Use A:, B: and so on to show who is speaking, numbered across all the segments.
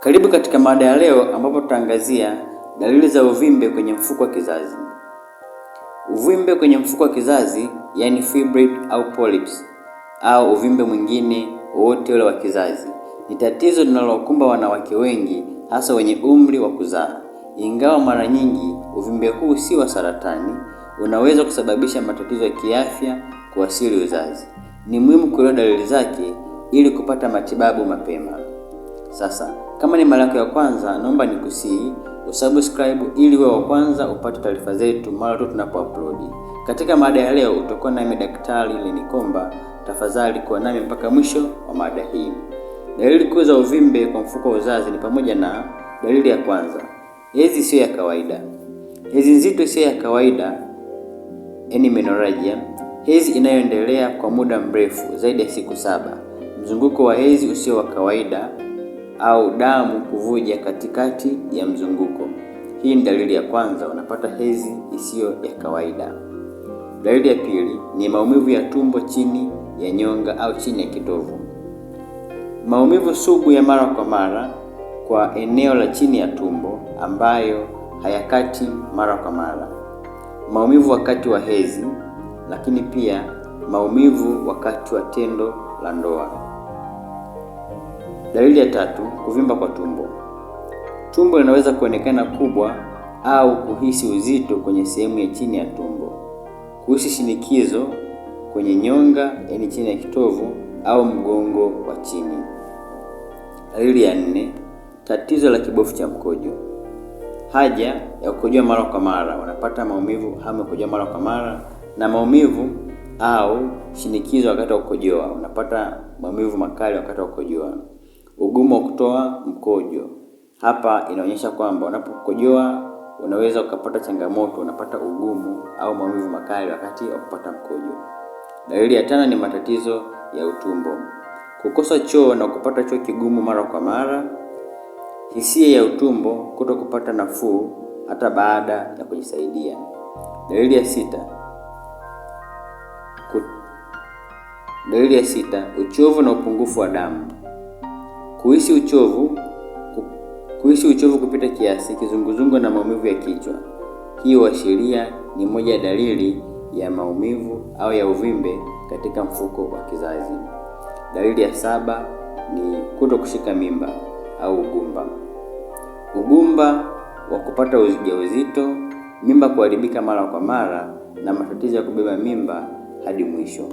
A: Karibu katika mada ya leo ambapo tutaangazia dalili za uvimbe kwenye mfuko wa kizazi. Uvimbe kwenye mfuko wa kizazi, yani fibroid au polyps, au uvimbe mwingine wowote ule wa kizazi ni tatizo linalowakumba wanawake wengi, hasa wenye umri wa kuzaa. Ingawa mara nyingi uvimbe huu si wa saratani, unaweza kusababisha matatizo ya kiafya kuasili uzazi. Ni muhimu kuelewa dalili zake ili kupata matibabu mapema. Sasa kama ni mara yako ya kwanza, naomba nikusii usubscribe ili uwe wa kwanza upate taarifa zetu mara tu tunapoupload. Katika mada ya leo utakuwa nami Daktari Lenikomba. Tafadhali kuwa nami mpaka mwisho wa mada hii. Dalili kuu za uvimbe kwa mfuko wa uzazi ni pamoja na dalili ya kwanza, hedhi sio ya kawaida, hedhi nzito sio ya kawaida, yaani menorrhagia, hedhi inayoendelea kwa muda mrefu zaidi ya siku saba, mzunguko wa hedhi usio wa kawaida au damu kuvuja katikati ya mzunguko. Hii ni dalili ya kwanza, unapata hedhi isiyo ya kawaida. Dalili ya pili ni maumivu ya tumbo chini ya nyonga au chini ya kitovu, maumivu sugu ya mara kwa mara kwa eneo la chini ya tumbo ambayo hayakati mara kwa mara, maumivu wakati wa hedhi, lakini pia maumivu wakati wa tendo la ndoa. Dalili ya tatu, kuvimba kwa tumbo. Tumbo linaweza kuonekana kubwa au kuhisi uzito kwenye sehemu ya chini ya tumbo, kuhisi shinikizo kwenye nyonga, yaani chini ya kitovu au mgongo wa chini. Dalili ya nne, tatizo la kibofu cha mkojo, haja ya kukojoa mara kwa mara, unapata maumivu, hamu ya kukojoa mara kwa mara na maumivu au shinikizo wakati wa kukojoa, unapata maumivu makali wakati wa kukojoa ugumu wa kutoa mkojo. Hapa inaonyesha kwamba unapokojoa unaweza ukapata changamoto, unapata ugumu au maumivu makali wakati wa kupata mkojo. Dalili ya tano ni matatizo ya utumbo, kukosa choo na kupata choo kigumu mara kwa mara, hisia ya utumbo, kuto kupata nafuu hata baada ya kujisaidia. Dalili ya sita Dalili ya sita, uchovu na upungufu wa damu kuhisi uchovu, kuhisi uchovu kupita kiasi, kizunguzungu na maumivu ya kichwa. Hii huashiria ni moja ya dalili ya maumivu au ya uvimbe katika mfuko wa kizazi. Dalili ya saba ni kuto kushika mimba au ugumba, ugumba wa kupata ujauzito, mimba kuharibika mara kwa mara na matatizo ya kubeba mimba hadi mwisho.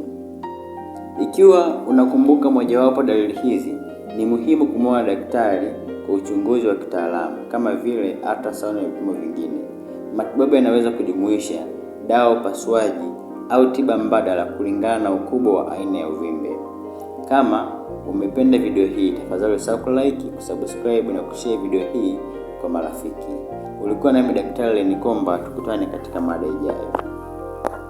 A: Ikiwa unakumbuka mojawapo dalili hizi, ni muhimu kumwona daktari kwa uchunguzi wa kitaalamu kama vile ultrasound na vipimo vingine. Matibabu yanaweza kujumuisha dawa, upasuaji au tiba mbadala kulingana na ukubwa wa aina ya uvimbe. Kama umependa video hii, tafadhali usahau kulike, kusubscribe na kushare video hii kwa marafiki. Ulikuwa nami Daktari Lenikomba, tukutane katika mada ijayo.